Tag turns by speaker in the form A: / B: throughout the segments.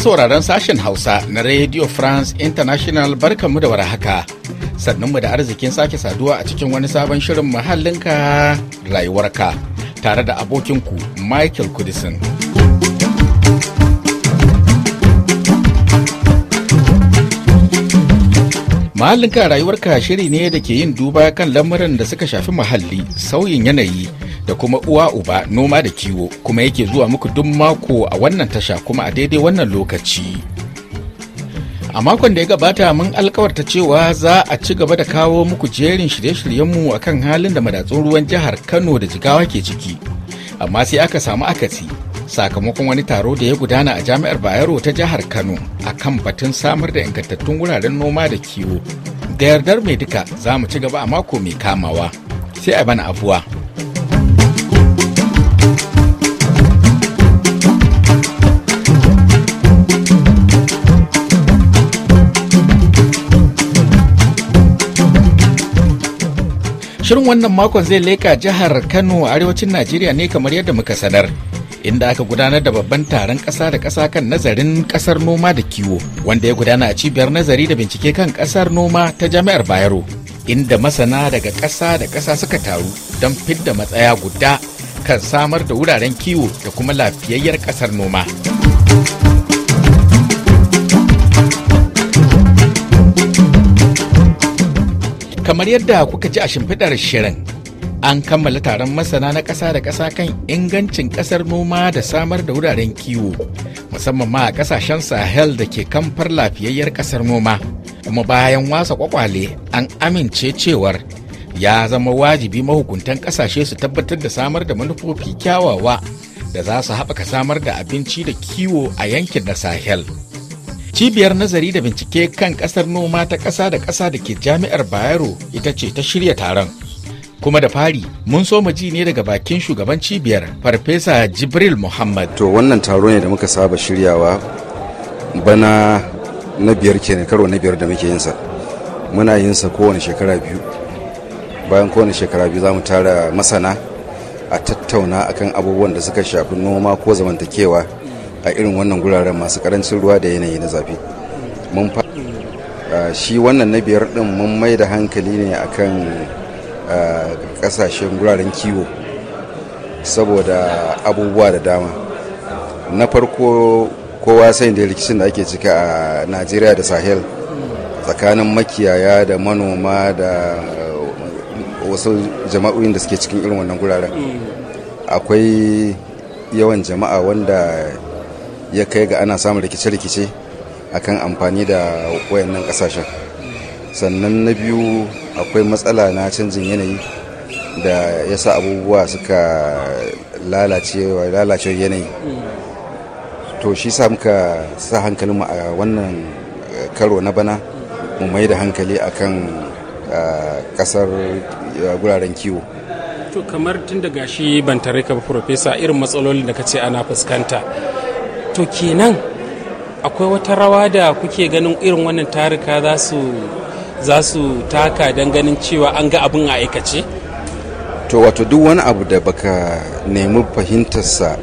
A: sauraron sashen Hausa na Radio France International barkanmu da warhaka. Sannunmu da arzikin sake saduwa a cikin wani sabon shirin muhallinka rayuwarka tare da abokinku Michael Kudisin. Mahallinka rayuwarka shiri ne da ke yin duba kan lamuran da suka shafi muhalli, sauyin yanayi, da kuma uwa uba noma da kiwo kuma yake zuwa muku duk mako a wannan tasha kuma a daidai wannan lokaci. A makon da ya gabata mun alkawarta cewa za a ci gaba da kawo muku jerin shirye-shiryenmu a kan halin da madatsun ruwan jihar Kano da Jigawa ke ciki. Amma sai aka samu akasi sakamakon wani taro da ya gudana a jami'ar Bayero ta jihar Kano a kan batun samar da ingantattun wuraren noma da kiwo. Da yardar mai duka za mu ci gaba a mako mai kamawa. Sai a bana abuwa. Shirin wannan makon zai leka jihar Kano arewacin Najeriya ne kamar yadda muka sanar. Inda aka gudanar da babban taron ƙasa da ƙasa kan nazarin ƙasar noma da kiwo, wanda ya gudana a cibiyar nazari da bincike kan ƙasar noma ta Jami'ar Bayero, inda masana daga ƙasa da ƙasa suka taru don fidda matsaya guda kan samar da wuraren kiwo da kuma lafiyayyar ƙasar noma. kamar yadda kuka ji a shimfiɗar shirin an kammala taron masana na ƙasa da ƙasa kan ingancin ƙasar noma da samar da wuraren kiwo musamman ma a ƙasashen sahel da ke kamfar lafiyayyar ƙasar noma kuma bayan wasa kwakwale an amince cewar ya zama wajibi mahukuntan ƙasashe su tabbatar da samar da manufofi kyawawa da za su haɓaka samar da abinci da kiwo a yankin na sahel Cibiyar nazari da bincike kan ƙasar noma ta ƙasa da ƙasa da ke jami'ar Bayero ita ce ta shirya taron. kuma da fari mun so ji ne daga bakin shugaban cibiyar farfesa jibril muhammad
B: to wannan taro ne da muka saba shiryawa bana na biyar kenan karo na biyar da muke yinsa muna yin kowane shekara biyu bayan kowane shekara biyu za mu tara masana a tattauna akan abubuwan da suka shafi noma ko zamantakewa a irin wannan guraren masu karancin ruwa da yanayi na zafi mun shi wannan na biyar din mun mai da hankali ne akan kasashen guraren kiwo saboda abubuwa da dama na farko kowa sai da rikicin da ake cika a najeriya da sahel tsakanin makiyaya da manoma da wasu jama'o'in da suke cikin irin wannan guraren akwai yawan jama'a wanda ya kai ga ana samun rikice-rikice akan amfani da wayannan kasashen sannan na biyu akwai matsala na canjin yanayi da ya sa abubuwa suka lalacewa yanayi to shi sa muka sa hankalinmu a wannan karo na bana mu mai da hankali akan kasar guraren kiwo
C: to kamar tun daga shi ban tare ka ba irin matsalolin da ka ce ana fuskanta to kenan akwai wata rawa da kuke ganin irin wannan tarika za su za su taka don ganin cewa an ga abin a aikace?
B: to wato duk wani abu da baka nemi fahimtarsa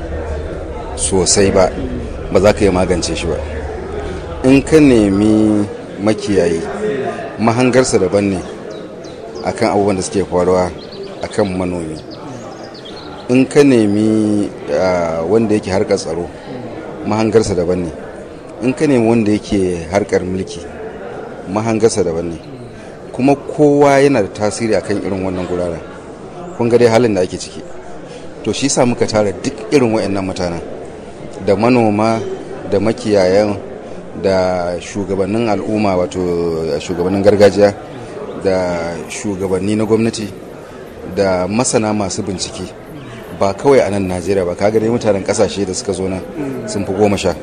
B: sosai ba ba za ka yi magance shi ba in ka nemi makiyayi mahangarsa daban ne akan abubuwan da suke faruwa akan manomi in ka nemi ah, wanda yake harkar tsaro mahangarsa daban ne in ka nemi wanda yake harkar mulki mahangarsa daban ne kuma kowa yana da tasiri akan irin wannan guraren kun ga halin da ake ciki to shi sa muka tara duk irin waɗannan mutanen da manoma da makiyayen da shugabannin al'umma wato shugabannin gargajiya da shugabanni na gwamnati da masana masu bincike ba kawai a nan najeriya ba kaga dai mutanen kasashe da suka zo nan sun fi goma sha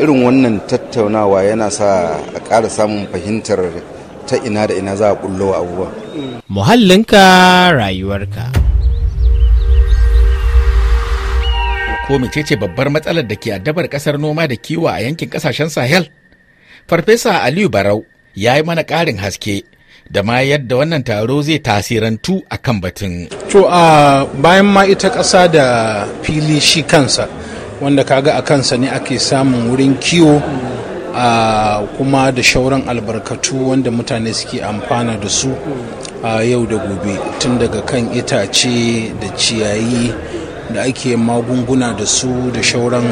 B: irin wannan tattaunawa yana sa a ƙara samun fahimtar ta ina da ina za a bullo abubuwa
D: muhallinka rayuwarka
A: ko mecece babbar matsalar da ke addabar kasar noma da kiwo a yankin kasashen sahel farfesa aliyu barau ya yi mana ƙarin haske da ma yadda wannan taro zai tasirantu a kan batun.
E: To a bayan ma ita ƙasa da fili shi kansa wanda kaga a kansa ne ake samun wurin kiwo a kuma da shauran albarkatu wanda mutane suke amfana da su a yau da gobe tun daga kan itace da ciyayi da ake magunguna da su da shauran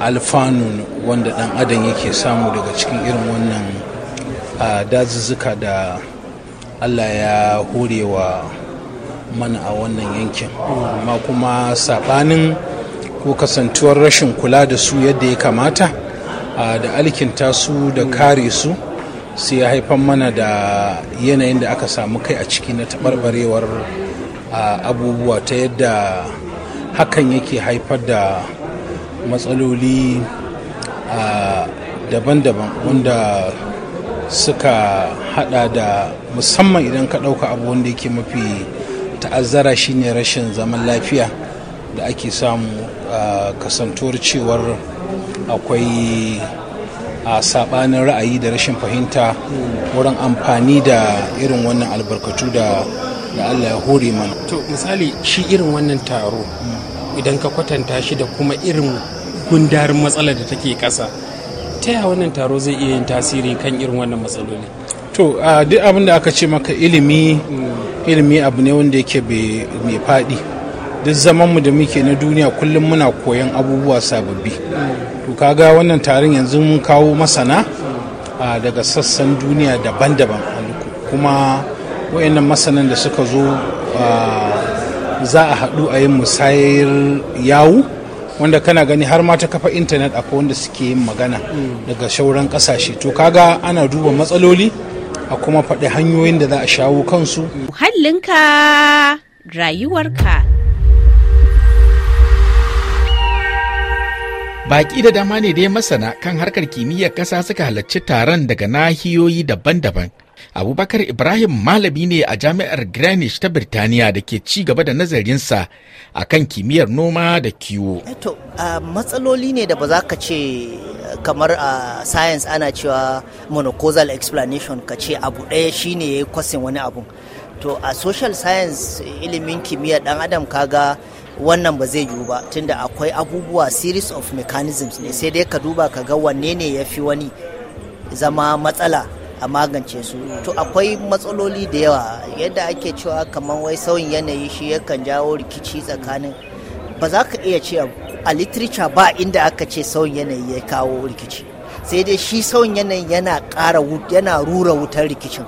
E: alfanu wanda dan adam yake samu daga cikin irin wannan a dazuzzuka da allah ya horewa mana a wannan yankin amma kuma saɓanin ko kasantuwar rashin kula da su yadda ya kamata da alkinta su da kare su sai ya haifan mana da yanayin da aka samu kai a ciki na taɓarɓarewar abubuwa ta yadda hakan yake haifar da matsaloli daban-daban wanda suka hada da musamman idan ka ɗauka abu wanda yake mafi ta'azzara shine rashin zaman lafiya da ake samu kasantuwar cewar akwai a sabanin ra'ayi da rashin fahimta wurin amfani da irin wannan albarkatu da Allah ya hore mana. To misali shi irin wannan taro
C: idan ka kwatanta shi da kuma irin gundarin matsalar da take ƙasa ta yaya wannan taro zai iya yin tasiri kan irin wannan matsaloli
E: to duk abin da aka ce maka ilimi mm. ilimi abu ne wanda yake mai faɗi duk zaman mu da muke na duniya kullum muna koyan abubuwa sababbi
C: mm.
E: to kaga wannan taron yanzu mun kawo masana daga sassan duniya daban-daban kuma wayannan masanan da suka zo za a haɗu a yin musayar yawu wanda kana gani har ma ta kafa intanet akwai wanda suke yin magana daga shauran kasashe to kaga ana duba matsaloli a kuma faɗi hanyoyin da za a shawo kansu
F: muhallinka rayuwarka
A: Baƙi da dama ne dai masana kan harkar kimiyyar kasa suka halarci taron daga nahiyoyi daban-daban abubakar ibrahim malami ne a jami'ar greenwich ta birtaniya da ke ci gaba da nazarinsa a kan kimiyyar noma da kiwo eh
G: to matsaloli ne da ba za ka ce kamar a science ana cewa monocausal explanation ka ce abu ɗaya shine ya kwasin wani abu to a social science ilimin kimiyyar dan adam kaga wannan ba zai yiwu ba tunda akwai abubuwa series of mechanisms ne sai dai ka duba ka ga wanne ne ya fi wani zama matsala a magance su to akwai matsaloli da yawa yadda ake cewa kamar wai sauyin yanayi shi yakan jawo rikici tsakanin ba za ka iya cewa a literature ba inda aka ce sauyin yanayi ya kawo rikici sai dai shi sauyin yanayi yana ƙara yana rura wutar rikicin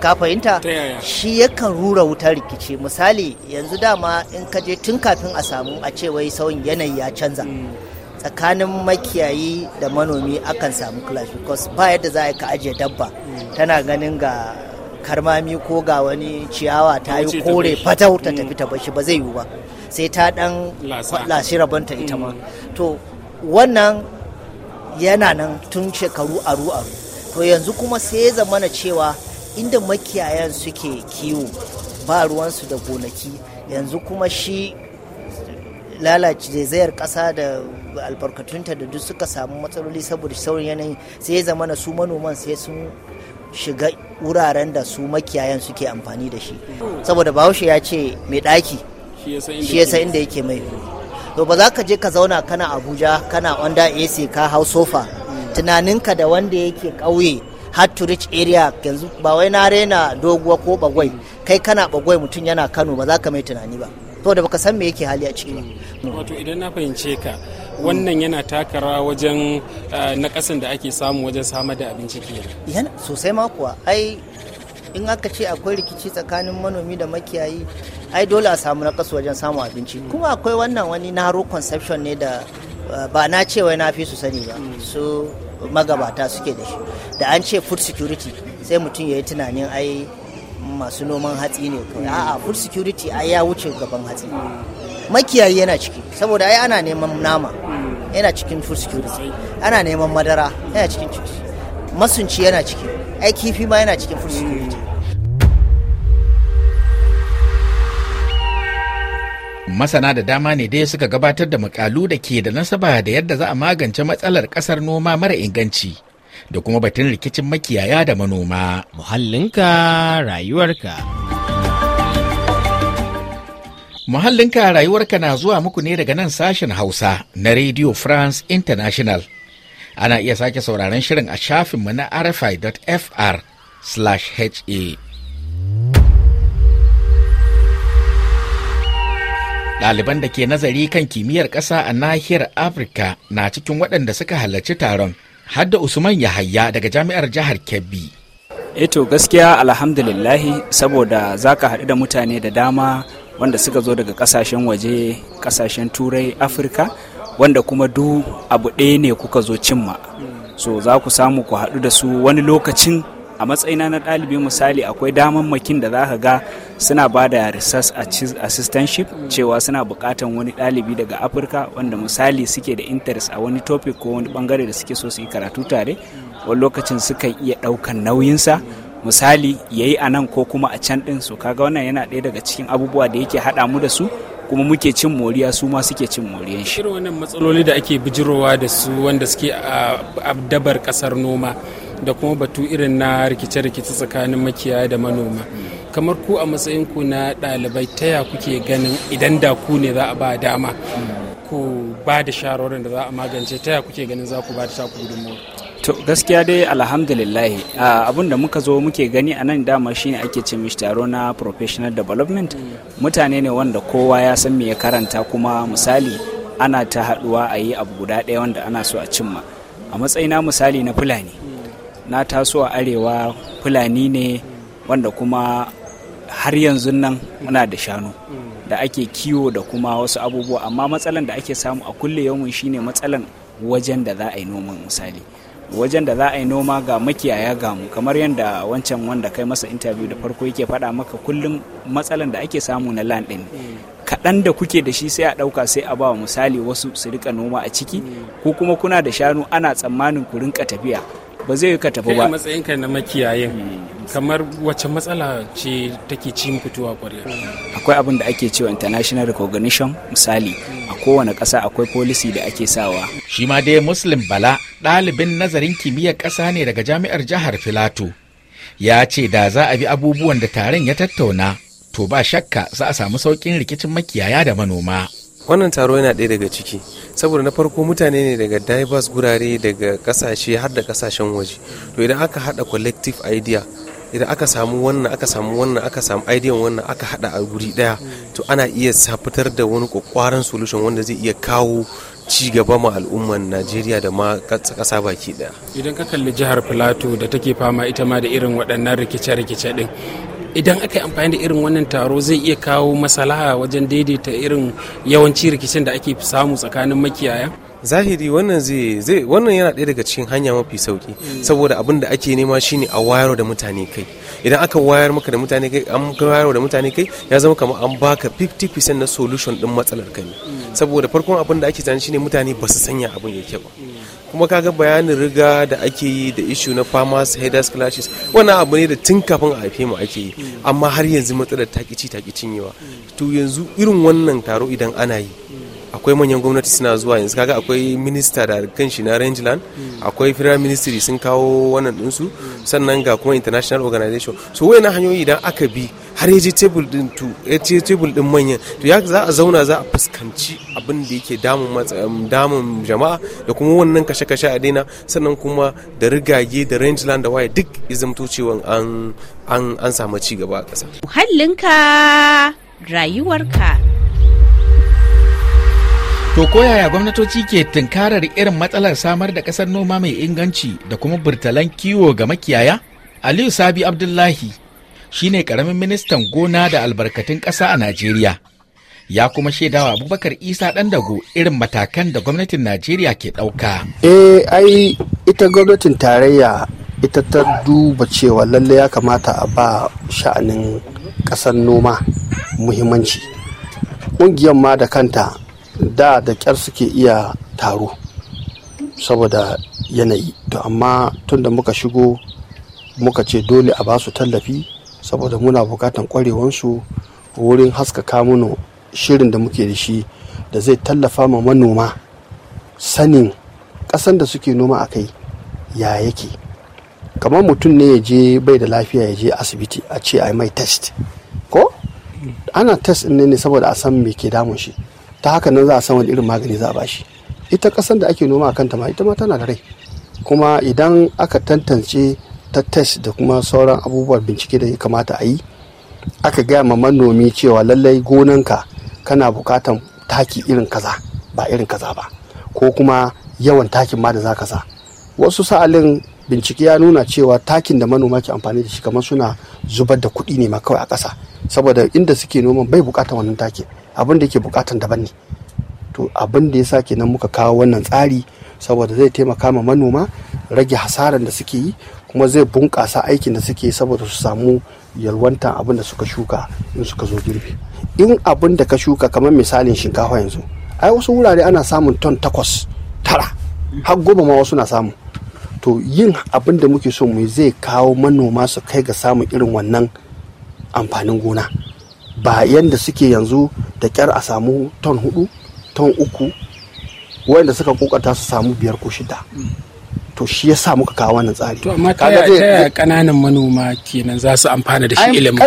G: ka fahimta shi yakan rura wutar rikici misali yanzu dama in ka je tun kafin a samu a ce wai sauyin yanayi ya canza mm. tsakanin makiyayi da manomi akan samu clash because ba yadda za a ka ajiye dabba tana ganin ga karmami ko ga wani ciyawa ta yi kore fata ta tafi mm. ta bashi ba zai yiwu ba sai ta dan lashi rabanta ita ma mm. to wannan yana nan tun shekaru aru aru to yanzu kuma sai ya zamana cewa inda makiyayan suke kiwo ba ruwansu da gonaki yanzu kuma shi lalace zayar ƙasa da albarkatunta da duk suka samu matsaloli saboda saurin yanayi sai ya zama na su manoman sai sun shiga wuraren da su makiyayan suke amfani da shi saboda bahaushe ya ce mai ɗaki shi ya san inda yake mai to ba za ka je ka zauna kana abuja kana onda ac ka hau sofa tunaninka da wanda yake ƙauye hard to reach area yanzu ba wai na rena doguwa ko bagwai kai kana bagwai mutum yana kano ba za ka mai tunani ba to da baka san me yake hali a ciki
C: wato idan na fahimce ka wannan yana takara wajen wajen eh, nakasin da ake samu wajen samar da abinci
G: kenan sosai ma kuwa ai in aka ce akwai rikici tsakanin manomi da makiyayi ai dole a samu nakasu wajen samun abinci mm. kuma akwai wannan wani naro conception ne da eh, ba na ce wai na fi su sani ba mm. su magabata suke da shi da an ce food security sai mutum ya yi tunanin ai masu noman hatsi ne kawai mm. a'a food security ai ya wuce gaban hatsi makiyayi yana ciki saboda ai ana neman nama yana cikin food security ana neman madara yana cikin masunci yana ciki ai kifi ma yana cikin food security
A: masana da dama ne dai suka gabatar da makalu da ke da nasaba da yadda za a magance matsalar kasar noma mara inganci da kuma batun rikicin makiyaya da manoma muhallinka rayuwarka Muhallinka rayuwarka na zuwa muku ne daga nan sashen Hausa na Radio France International. Ana iya sake sauraron shirin a shafinmu na rfi.fr/ha. Ɗaliban da ke nazari kan kimiyyar ƙasa a nahiyar Afirka na cikin waɗanda suka halarci taron, har da Usman Yahaya daga Jami'ar Jihar
F: Kebbi. Eto eh gaskiya alhamdulillahi saboda za ka haɗu da mutane da dama wanda suka zo daga kasashen waje kasashen turai afirka wanda kuma du abu ɗaya ne kuka zo cimma so za ku samu ku haɗu da su wani lokacin a matsayina na ɗalibi misali akwai damammakin da za ka ga suna ba da research assistantship cewa suna buƙatan wani ɗalibi daga afirka wanda misali suke da interest a wani topic ko wani ɓangare da suke so su yi karatu tare wani lokacin suka iya ɗaukan nauyinsa misali ya yi a nan ko kuma a can ɗin su kaga wannan yana ɗaya daga cikin abubuwa da yake haɗa mu da su kuma muke cin moriya su ma suke cin moriyan shi irin
C: wannan matsaloli da ake bijirowa da su wanda suke a dabar kasar noma da kuma batu irin na rikice-rikice tsakanin makiya da manoma kamar ku a matsayin ku na ɗalibai taya kuke ganin idan da ku ne za a ba dama ku ba da shawarar da za a magance taya kuke ganin za ku ba da taku gudunmawa
F: to gaskiya dai alhamdulillah abin da muka zo muke gani a nan dama shine ake ce mishi taro na professional development mutane ne wanda kowa ya san me ya karanta kuma misali ana ta haduwa a yi abu guda ɗaya wanda ana so a cimma a matsayina misali na fulani na taso a arewa fulani ne wanda kuma har yanzu nan muna da shanu da ake kiwo da kuma wasu abubuwa amma matsalan da ake samu a kulle yawon shine matsalan wajen da za a yi noman misali wajen da za a yi noma ga makiyaya ga mu kamar yadda wancan wanda kai masa interview da farko yake faɗa maka kullum matsalan da ake samu na land ɗin kaɗan da kuke da shi sai a ɗauka sai a ba misali wasu su rika noma a ciki mm. ko kuma kuna da shanu ana tsammanin ku rinka tafiya ba zai yi ka tafi ba
C: matsayin ka na makiyayin kamar wacce matsala ce take ci muku tuwa kwarya.
F: akwai abin da ake cewa international recognition misali a kowane kasa akwai policy da ake sawa
A: shi ma dai muslim bala ɗalibin nazarin kimiyyar ƙasa ne daga jami'ar jihar filato ya ce da za a bi abubuwan da taron ya tattauna to ba shakka za a samu sauƙin rikicin makiyaya da manoma
H: wannan taro yana ɗaya daga ciki saboda na farko mutane ne daga diverse gurare daga kasashe har da kasashen waje to idan aka hada collective idea idan aka samu wannan aka samu wannan aka samu idea wannan aka hada a guri daya to ana iya fitar da wani kwakwaran solution wanda zai iya kawo ci gaba ma al'ummar najeriya da ma kasa baki daya
C: idan ka kalli jihar plateau da take fama ita ma da irin waɗannan rikice-rikice din idan aka yi amfani da irin wannan taro zai iya kawo masalaha wajen daidaita irin yawanci rikicin da ake samu tsakanin makiyaya
H: zahiri wannan zai wannan yana ɗaya daga cikin hanya mafi sauki eh. saboda abin da ake nema shine a wayar da mutane kai idan aka wayar maka da mutane kai an wayar da mutane kai ya zama kamar an baka 50% na solution din matsalar kai hmm. saboda farkon abin da ake tsani shine mutane ba su sanya abin ya ba hmm. kuma kaga bayanin riga da ake yi da ishu na farmers headers clashes wannan abu ne da tun kafin a haife mu ake yi hmm. amma har yanzu matsalar ta ci ta to yanzu irin wannan taro idan ana yi akwai manyan gwamnati suna zuwa yanzu kaga akwai minista da kanshi na rangeland akwai federal ministry sun kawo wannan dinsu sannan ga kuma international organization so na hanyoyi idan aka bi har yaje table din to yaje table din manyan to ya za a zauna za a fuskanci abin da yake damun damun jama'a da kuma wannan kashe-kashe a daina sannan kuma da rigage da rangeland da waye duk izamto cewa an an samu ci gaba a ƙasa
F: muhallinka rayuwarka
H: To
A: koyaya gwamnatoci ke tunkarar irin matsalar samar da ƙasar noma mai inganci da kuma burtalan kiwo ga makiyaya? Aliyu Sabi Abdullahi shi ne ƙaramin ministan gona da albarkatun ƙasa a Najeriya. ya kuma shaidawa abubakar isa ɗan dago irin matakan da gwamnatin najeriya ke ɗauka.
I: eh ai ita gwamnatin tarayya ita ta duba cewa lalle ya kamata a ba sha'anin ƙasar noma muhimmanci ƙungiyar ma da kanta da da kyar suke iya taro saboda yanayi to amma tun da muka shigo muka ce dole a basu tallafi saboda muna bukatan kwarewansu wurin haskaka mana shirin da muke da shi da zai tallafa ma manoma sanin ƙasan da suke noma a kai ya yake kamar mutum ne ya je bai da lafiya ya je asibiti a ce a mai test ko ana test ne ne saboda a san me ke damun shi ta haka nan za a san wani irin magani za a bashi ita kasan da ake noma a kanta ma ita ma tana da rai kuma idan aka tantance ta test da kuma sauran abubuwan bincike da ya kamata a yi aka gaya ma manomi cewa lallai gonanka kana bukatan taki irin kaza ba irin kaza ba ko kuma yawan takin ma da za ka sa wasu sa'alin bincike ya nuna cewa takin da manoma ke amfani da shi kamar suna zubar da kuɗi ne ma kawai a ƙasa saboda inda suke noman bai bukatan wannan takin abin da yake bukatan daban ne to abin da ya sa kenan muka kawo wannan tsari saboda zai taimaka ma manoma rage hasaran da suke yi kuma zai bunƙasa aikin da suke saboda su samu yalwantan abin da suka shuka in suka zo girbi in abin da ka shuka kamar misalin shinkafa yanzu ai wasu wurare ana samun ton takwas tara har goma ma wasu na samu to yin abin da muke so mu zai kawo manoma su kai ga samun irin wannan amfanin gona ba yanda suke yanzu da kyar a samu ton hudu ton uku wanda suka kokata su samu biyar ko shida to shi ya sa muka kawo wannan tsari to amma ta yaya kananan manoma kenan za su amfana da shi ilimin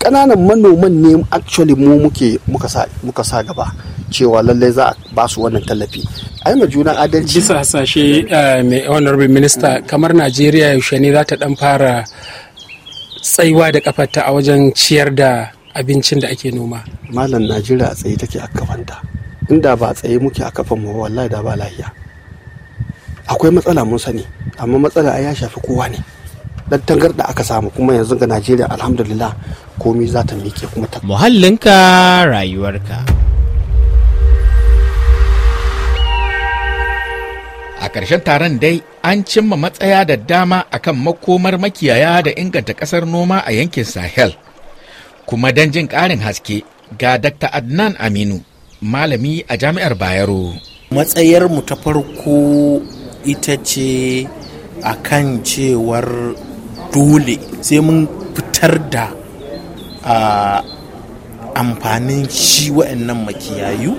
I: kananan manoman ne actually mu muke muka sa gaba cewa lallai za a ba su wannan tallafi ai ma juna adalci bisa hasashe
C: eh, mai honorable minister kamar Najeriya yaushe ne za ta dan fara tsaiwa da kafarta a wajen ciyar da abincin da ake
I: noma malam najeriya a tsaye take a kafanta inda ba a tsaye muke a kafan mu wallahi da ba lahiya akwai matsala mun sani amma matsala ai ya shafi kowa ne dan tangarda aka samu kuma yanzu ga najeriya alhamdulillah komi za ta miƙe kuma ta muhallinka
D: rayuwarka
A: a ƙarshen taron dai an cimma matsaya da dama akan makomar makiyaya da inganta ƙasar noma a yankin sahel kuma don jin ƙarin haske ga Dr. Adnan Aminu, malami a jami'ar Bayero. Matsayarmu
D: ta farko ita ce a kan cewar dole sai mun fitar da amfanin shi wa'annan makiyayu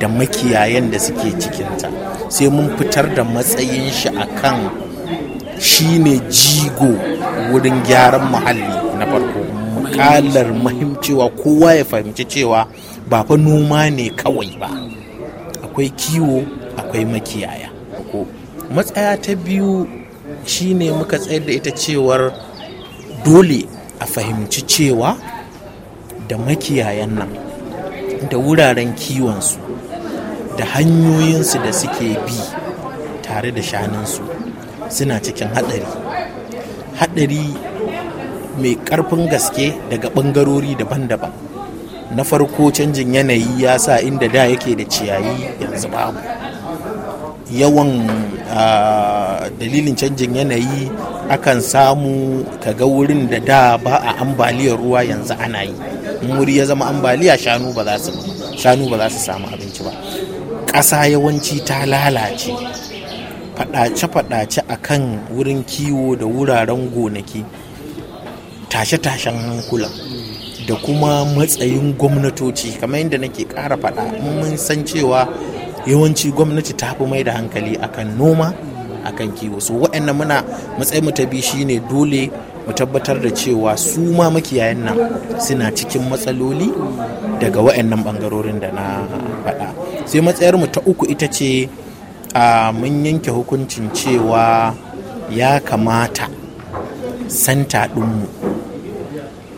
D: da makiyayen da suke cikinta sai mun fitar da matsayin shi a kan shi ne jigo wurin gyaran muhalli na farko kalar mahimcewa kowa ya fahimci cewa ba fa noma ne kawai ba akwai kiwo akwai makiyaya matsaya ta biyu shine muka tsayar da ita cewar dole a fahimci cewa da makiyayan nan da wuraren kiwonsu da hanyoyinsu da suke bi tare da shanunsu suna cikin haɗari haɗari mai karfin gaske daga bangarori daban-daban na farko canjin yanayi ya sa inda da yake da ciyayi yanzu babu yawan dalilin canjin yanayi akan samu kaga wurin da da ba a ambaliyar ruwa yanzu ana yi wuri ya zama ambaliya shanu ba za su samu abinci ba ƙasa yawanci ta lalace faɗace-faɗace a kan wurin kiwo da wuraren gonaki tashe-tashen hankula da kuma matsayin gwamnatoci kamar yadda nake ƙara faɗa mun san cewa yawanci gwamnati ta fi mai da hankali akan noma akan kiwo so waɗannan muna matsayin mu ta biyu shine dole mu tabbatar da cewa su ma makiyayan nan suna cikin matsaloli daga waɗannan bangarorin da na faɗa sai matsayar mu ta uku ita ce a mun yanke hukuncin cewa ya kamata santa ɗinmu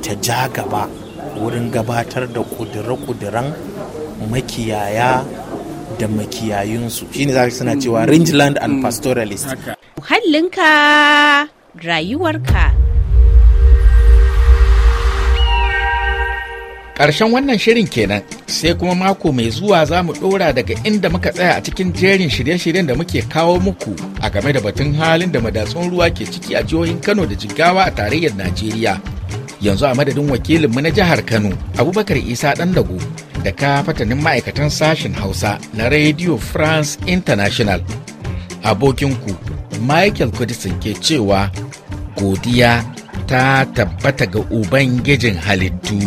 D: ta ja gaba wurin gabatar da kudure-kuduren makiyaya da makiyayinsu shine za suna cewa rangeland and mm. pastoralist
F: muhallinka rayuwarka
A: ƙarshen wannan shirin kenan sai kuma mako mai zuwa za mu ɗora daga inda muka tsaya a cikin jerin shirye-shiryen da muke kawo muku a game da batun halin da madatsun ruwa ke ciki a jihohin kano da jigawa a tarayyar najeriya yanzu a madadin Wakilin mu na jihar kano abubakar isa dago da ka fatanin ma'aikatan sashen hausa na radio france international abokinku michael kudisin ke cewa godiya ta tabbata ga ubangijin halittu